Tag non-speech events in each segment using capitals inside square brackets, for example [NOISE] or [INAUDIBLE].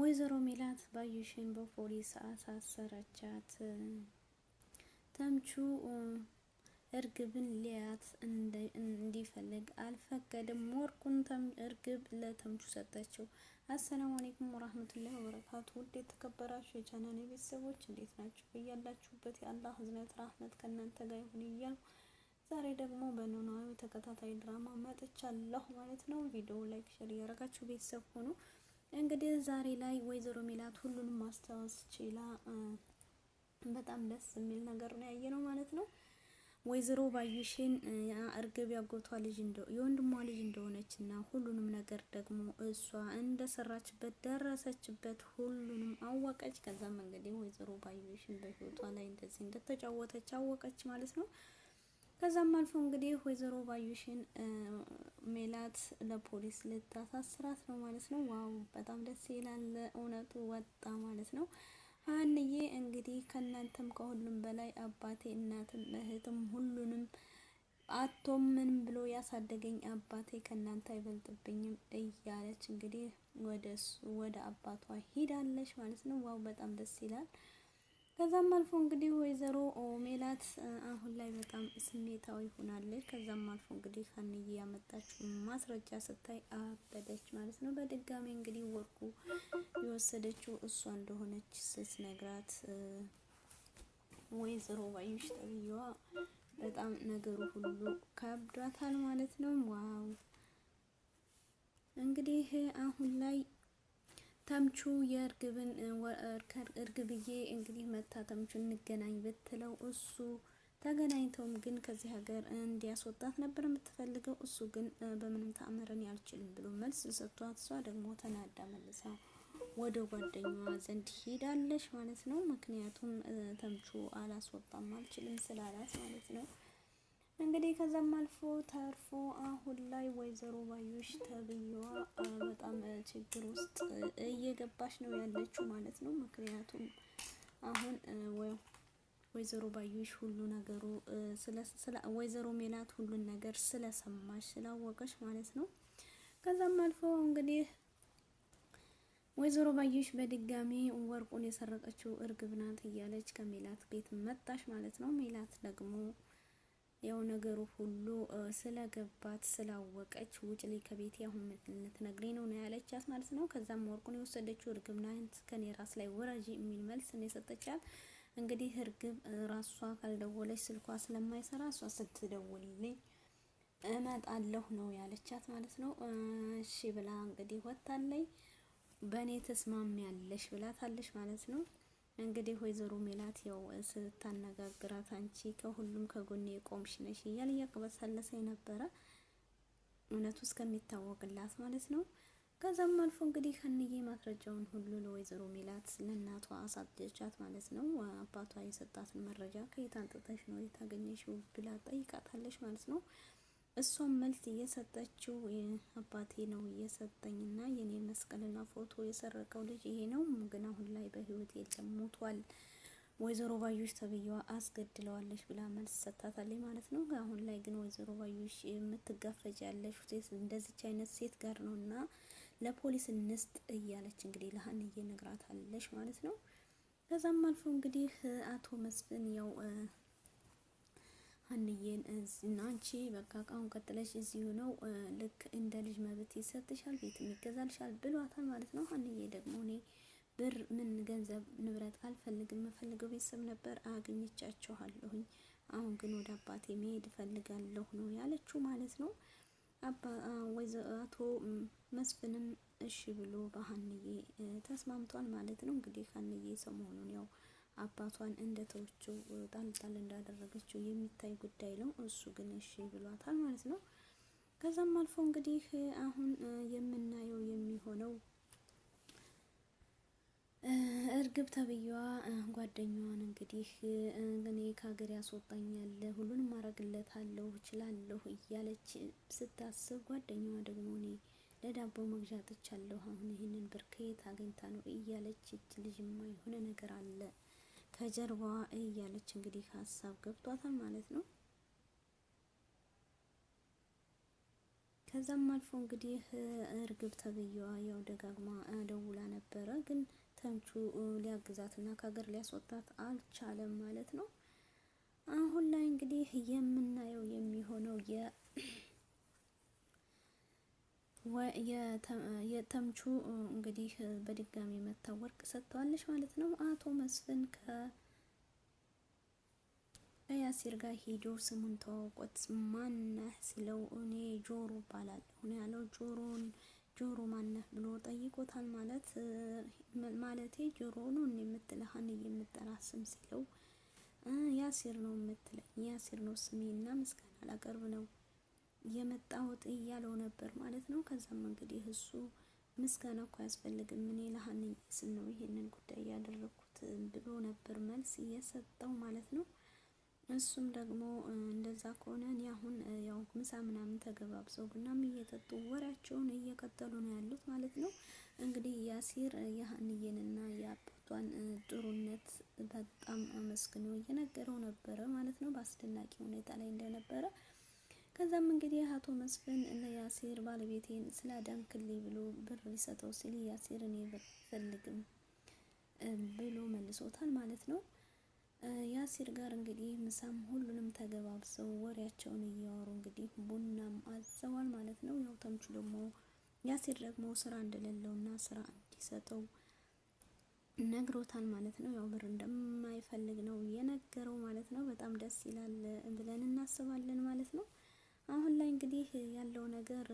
ወይዘሮ ሜላት ባዩሽን በፖሊስ አሳሰረቻት። ተምቹ እርግብን ሊያት እንዲፈልግ አልፈቀደም። ወርቁን እርግብ ለተምቹ ሰጠችው። አሰላሙ አለይኩም ወራህመቱላሂ ወበረካቱ። ውድ የተከበራችሁ የቻናሌ ቤተሰቦች እንዴት ናችሁ? እያላችሁበት የአላህ ህዝነት ራህመት ከእናንተ ጋር ይሁን እያልኩ ዛሬ ደግሞ በኖላዊ ተከታታይ ድራማ መጥቻለሁ ማለት ነው። ቪዲዮ ላይክ፣ ሼር እያደረጋችሁ ቤተሰብ ሆኑ። እንግዲህ ዛሬ ላይ ወይዘሮ ሜላት ሁሉንም ማስታወስ ችላ በጣም ደስ የሚል ነገር ነው ያየነው ማለት ነው። ወይዘሮ ባዩሽን እርግብ ያጎቷ ልጅ የወንድሟ ልጅ እንደሆነች እና ሁሉንም ነገር ደግሞ እሷ እንደሰራችበት ደረሰችበት፣ ሁሉንም አወቀች። ከዛም እንግዲህ ወይዘሮ ባዩሽን በህይወቷ ላይ እንደዚህ እንደተጫወተች አወቀች ማለት ነው። ከዛም አልፎ እንግዲህ ወይዘሮ ባዩሽን ሜላት ለፖሊስ ልታሳስራት ነው ማለት ነው። ዋው በጣም ደስ ይላል። እውነቱ ወጣ ማለት ነው። አንዬ እንግዲህ ከእናንተም ከሁሉም በላይ አባቴ፣ እናትም፣ እህትም ሁሉንም አቶ ምን ብሎ ያሳደገኝ አባቴ ከእናንተ አይበልጥብኝም እያለች እንግዲህ ወደ ወደ አባቷ ሂዳለች ማለት ነው። ዋው በጣም ደስ ይላል። ከዛም አልፎ እንግዲህ ወይዘሮ ሜላት አሁን ላይ በጣም ስሜታዊ ሆናለች። ከዛም አልፎ እንግዲህ ሀንዬ ያመጣችው ማስረጃ ስታይ አበደች ማለት ነው። በድጋሚ እንግዲህ ወርቁ የወሰደችው እሷ እንደሆነች ስትነግራት ወይዘሮ ባዩሽ ተብዬዋ በጣም ነገሩ ሁሉ ከብዷታል ማለት ነው። ዋው እንግዲህ አሁን ላይ ተምቹ የእርግብን እርግብዬ እንግዲህ መታ ተምቹ እንገናኝ ብትለው እሱ ተገናኝተውም ግን ከዚህ ሀገር እንዲያስወጣት ነበር የምትፈልገው። እሱ ግን በምንም ተአምረን ያልችልም ብሎ መልስ ሰጥቷት፣ እሷ ደግሞ ተናዳ መልሳ ወደ ጓደኛዋ ዘንድ ሄዳለች ማለት ነው። ምክንያቱም ተምቹ አላስወጣም አልችልም ስላላት ማለት ነው። እንግዲህ ከዛም አልፎ ተርፎ አሁን ላይ ወይዘሮ ባዮሽ ተብዬዋ በጣም ችግር ውስጥ እየገባች ነው ያለችው ማለት ነው። ምክንያቱም አሁን ወይዘሮ ባዮሽ ሁሉ ነገሩ ወይዘሮ ሜላት ሁሉን ነገር ስለሰማች ስላወቀች ማለት ነው። ከዛም አልፎ እንግዲህ ወይዘሮ ባዮሽ በድጋሚ ወርቁን የሰረቀችው እርግብ ናት እያለች ከሜላት ቤት መጣች ማለት ነው። ሜላት ደግሞ ያው ነገሩ ሁሉ ስለገባት ስላወቀች ውጭ ላይ ከቤት ያሁን ልትነግረኝ ነው ነው ያለቻት ማለት ነው። ከዛም ወርቁን የወሰደችው እርግብ ናት። ከኔ ራስ ላይ ወራጅ የሚል መልስ ነው የሰጠቻት። እንግዲህ እርግብ ራሷ ካልደወለች ስልኳ ስለማይሰራ እሷ ስትደውልልኝ እመጣለሁ ነው ያለቻት ማለት ነው። እሺ ብላ እንግዲህ ወጣለኝ በእኔ ተስማሚ ያለሽ ብላታለች ማለት ነው። እንግዲህ ወይዘሮ ሜላት ያው ስታነጋግራት አንቺ ከሁሉም ከጎኔ የቆምሽ ነሽ እያለ እያቅበሳለሰ ነበረ፣ እውነቱ እስከሚታወቅላት ማለት ነው። ከዛም አልፎ እንግዲህ ከንዬ ማስረጃውን ሁሉ ለወይዘሮ ሜላት ለእናቷ አሳደቻት ማለት ነው። አባቷ የሰጣትን መረጃ ከየት አንጥተሽ ነው የታገኘሽው ብላ ጠይቃታለች ማለት ነው። እሷም መልስ እየሰጠችው አባቴ ነው እየሰጠኝና የኔ መስቀልና ፎቶ የሰረቀው ልጅ ይሄ ነው፣ ግን አሁን ላይ በህይወት የለም ሞቷል፣ ወይዘሮ ባዩሽ ተብዬዋ አስገድለዋለች ብላ መልስ ሰጣታለች ማለት ነው። አሁን ላይ ግን ወይዘሮ ባዩሽ የምትጋፈጭ ያለሽ እንደዚች አይነት ሴት ጋር ነውና ለፖሊስ እንስጥ እያለች እንግዲህ ለሀንዬ ነግራታለች ማለት ነው። ከዛም አልፎ እንግዲህ አቶ መስፍን ያው ሀንዬን እና አንቺ በቃ ቃውን ቀጥለሽ እዚሁ ነው ልክ እንደ ልጅ መብት ይሰጥሻል፣ ቤትም ይገዛልሻል ብሏታል ማለት ነው። ሀንዬ ደግሞ እኔ ብር ምን ገንዘብ ንብረት አልፈልግም፣ የምፈልገው ቤተሰብ ነበር አግኝቻችኋለሁኝ። አሁን ግን ወደ አባቴ መሄድ እፈልጋለሁ ነው ያለችው ማለት ነው። አባ አቶ መስፍንም እሺ ብሎ በሀንዬ ተስማምቷል ማለት ነው። እንግዲህ ሀንዬ ሰሞኑን ያው አባቷን እንደተወችው ጣል ጣል እንዳደረገችው የሚታይ ጉዳይ ነው። እሱ ግን እሺ ብሏታል ማለት ነው። ከዛም አልፎ እንግዲህ አሁን የምናየው የሚሆነው እርግብ ተብዬዋ ጓደኛዋን እንግዲህ እኔ ከሀገር ያስወጣኛል፣ ሁሉን ማረግለታለሁ እችላለሁ እያለች ስታስብ ጓደኛዋ ደግሞ እኔ ለዳቦ መግዣ ጥቻለሁ፣ አሁን ይህንን ብር ከየት አግኝታ ነው እያለች እጅ ልጅማ የሆነ ነገር አለ ከጀርባዋ እያለች እንግዲህ ሀሳብ ገብቷታል ማለት ነው። ከዛም አልፎ እንግዲህ እርግብ ተብዬዋ ያው ደጋግማ ደውላ ነበረ፣ ግን ተምቹ ሊያግዛትና ከሀገር ሊያስወጣት አልቻለም ማለት ነው። አሁን ላይ እንግዲህ የምናየው የሚሆነው የ የተምቹ እንግዲህ በድጋሚ መታ ወርቅ ሰጥተዋለች ማለት ነው። አቶ መስፍን ከያሲር ጋር ሄዶ ስሙን ተዋውቆት ማነህ ስለው እኔ ጆሮ እባላለሁ ያለው ጆሮን ጆሮ ማነህ ብሎ ጠይቆታል። ማለት ማለቴ ጆሮ ነው የምትለህን የምጠራ ስም ሲለው ያሲር ነው የምትለኝ ያሲር ነው ስሜና ምስጋና ላቀርብ ነው የመጣሁት እያለው ነበር ማለት ነው። ከዛም እንግዲህ እሱ ምስጋና እኮ አያስፈልግም ምን ለሀንኝ ስል ነው ይሄንን ጉዳይ ያደረኩት ብሎ ነበር መልስ እየሰጠው ማለት ነው። እሱም ደግሞ እንደዛ ከሆነ እኔ አሁን ያው ምሳ ምናምን ተገባብሰው ቡናም እየጠጡ ወሬያቸውን እየቀጠሉ ነው ያሉት ማለት ነው። እንግዲህ ያሲር የሀንዬንና የአባቷን ጥሩነት በጣም አመስግኖ እየነገረው ነበረ ማለት ነው። በአስደናቂ ሁኔታ ላይ እንደነበረ ከዛም እንግዲህ አቶ መስፍን ለያሲር ባለቤቴን ስላዳንክልኝ ብሎ ብር ሊሰጠው ሲል ያሲር እኔ ፈልግም ብሎ መልሶታል ማለት ነው። ያሲር ጋር እንግዲህ ምሳም ሁሉንም ተገባብሰው ወሬያቸውን እያወሩ እንግዲህ ቡናም አዘዋል ማለት ነው። ያው ተምቹ ደግሞ ያሲር ደግሞ ስራ እንደሌለውና ስራ እንዲሰጠው ነግሮታል ማለት ነው። ያው ብር እንደማይፈልግ ነው የነገረው ማለት ነው። በጣም ደስ ይላል ብለን እናስባለን ማለት ነው። አሁን ላይ እንግዲህ ያለው ነገር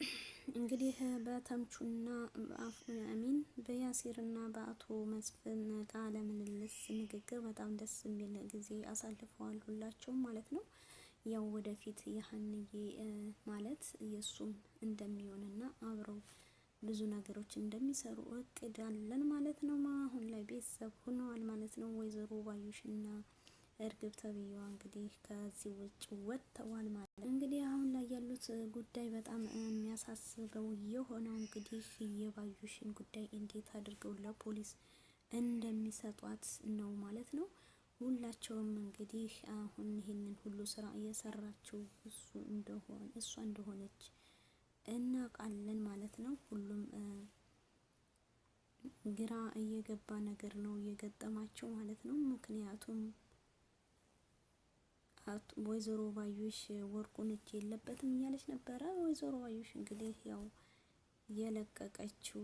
[CLEARS THROAT] እንግዲህ በተምቹና አሚን በያሲርና በአቶ መስፍን ቃለ ምልልስ ንግግር በጣም ደስ የሚል ጊዜ አሳልፈዋል ሁላቸውም ማለት ነው። ያው ወደፊት የሀንዬ ማለት የእሱም እንደሚሆንና አብረው ብዙ ነገሮች እንደሚሰሩ እቅድ አለን ማለት ነው። አሁን ላይ ቤተሰብ ሆነዋል ማለት ነው። ወይዘሮ ባዩሽና እርግብ ተብዬዋ እንግዲህ ከዚህ ውጭ ወጥተዋል ማለት ነው። እንግዲህ አሁን ላይ ያሉት ጉዳይ በጣም የሚያሳስበው የሆነው እንግዲህ የባዩሽን ጉዳይ እንዴት አድርገው ለፖሊስ እንደሚሰጧት ነው ማለት ነው። ሁላቸውም እንግዲህ አሁን ይህንን ሁሉ ስራ እየሰራችው እሱ እንደሆነ እሷ እንደሆነች እናውቃለን ማለት ነው። ሁሉም ግራ እየገባ ነገር ነው እየገጠማቸው ማለት ነው። ምክንያቱም ወይዘሮ ባዩሽ ወርቁን እጅ የለበትም እያለች ነበረ። ወይዘሮ ባዩሽ እንግዲህ ያው የለቀቀችው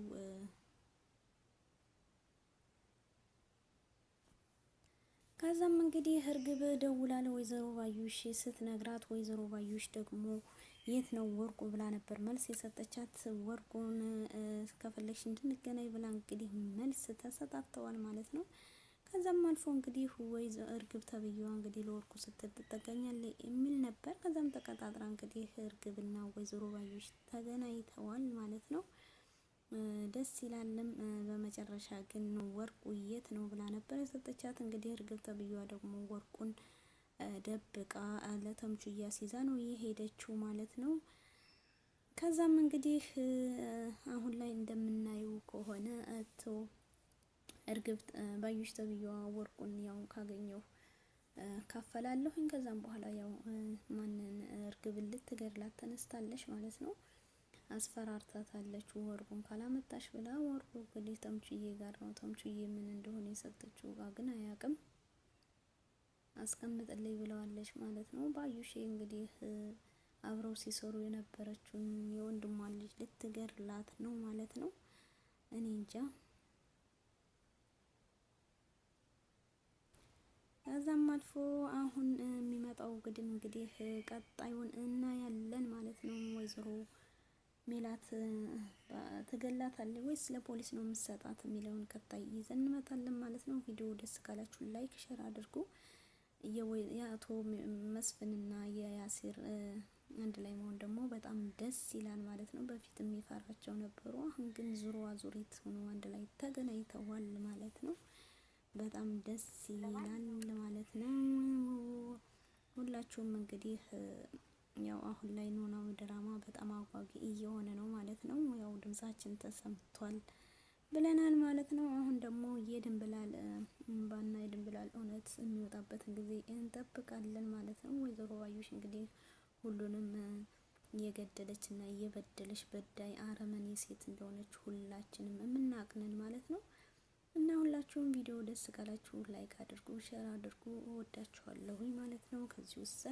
ከዛም እንግዲህ እርግብ ደውላ ለወይዘሮ ባዩሽ ስትነግራት ወይዘሮ ባዩሽ ደግሞ የት ነው ወርቁ ብላ ነበር መልስ የሰጠቻት። ወርቁን ከፈለግሽ እንድንገናኝ ብላ እንግዲህ መልስ ተሰጣጥተዋል ማለት ነው። ከዛም አልፎ እንግዲህ ወይ እርግብ ተብዬዋ እንግዲህ ለወርቁ ስትል ትጠገኛለች የሚል ነበር። ከዛም ተቀጣጥራ እንግዲህ እርግብና ወይዘሮ ባዮች ተገናኝተዋል ማለት ነው። ደስ ይላልም። በመጨረሻ ግን ወርቁ የት ነው ብላ ነበር የሰጠቻት። እንግዲህ እርግብ ተብዬዋ ደግሞ ወርቁን ደብቃ ለተምቹ እያስይዛ ነው የሄደችው ማለት ነው። ከዛም እንግዲህ አሁን ላይ እንደምናየው ከሆነ አቶ እርግብ ባዩሽ ተብዬዋ ወርቁን ያው ካገኘው ካፈላለሁኝ። ከዛም በኋላ ያው ማንን እርግብን ልትገድላት ተነስታለች ማለት ነው። አስፈራርታታለች ወርቁን ካላመጣሽ ብላ። ወርቁ እንግዲህ ተምቹዬ ጋር ነው። ተምቹዬ ምን እንደሆነ የሰጠችው እቃ ግን አያውቅም። አስቀምጥልኝ ብለዋለች ማለት ነው። ባዩሽ እንግዲህ አብረው ሲሰሩ የነበረችውን የወንድሟን ልጅ ልትገድላት ነው ማለት ነው። እኔ እንጃ። ከዛም አልፎ አሁን የሚመጣው ግድ እንግዲህ ቀጣዩን እናያለን ማለት ነው። ወይዘሮ ሜላት ትገላታለች ወይስ ለፖሊስ ነው የምትሰጣት የሚለውን ቀጣይ ይዘን እንመጣለን ማለት ነው። ቪዲዮ ደስ ካላችሁ ላይክ፣ ሼር አድርጉ። የአቶ መስፍንና የያሲር አንድ ላይ መሆን ደግሞ በጣም ደስ ይላል ማለት ነው። በፊት የሚፈራቸው ነበሩ። አሁን ግን ዙሮ አዙሪት ሆኖ አንድ ላይ ተገናኝተዋል ማለት ነው። በጣም ደስ ይላል። ሁላችሁም እንግዲህ ያው አሁን ላይ ኖላዊ ድራማ በጣም አጓጊ እየሆነ ነው ማለት ነው። ያው ድምጻችን ተሰምቷል ብለናል ማለት ነው። አሁን ደግሞ የድንብላል እምባና የድንብላል እውነት የሚወጣበትን ጊዜ እንጠብቃለን ማለት ነው። ወይዘሮ ባዩሽ እንግዲህ ሁሉንም እየገደለች እና እየበደለች በዳይ አረመኔ ሴት እንደሆነች ሁላችንም የምናቅንን ማለት ነው። ሁላችሁም ቪዲዮ ደስ ካላችሁ ላይክ አድርጉ፣ ሼር አድርጉ። እወዳችኋለሁ ማለት ነው። ከዚህ ውስጥ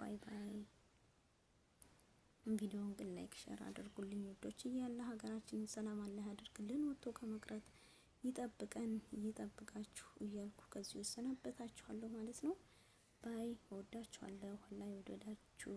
ባይ ባይ። ቪዲዮውን ግን ላይክ ሼር አድርጉልኝ ውዶች። እያለ ሀገራችንን ሰላም አለ ያድርግልን፣ ወጥቶ ከመቅረት ይጠብቀን፣ ይጠብቃችሁ እያልኩ ከዚህ ውስጥ ማለት ነው። ባይ። እወዳችኋለሁ። ላይ ይወደዳችሁ።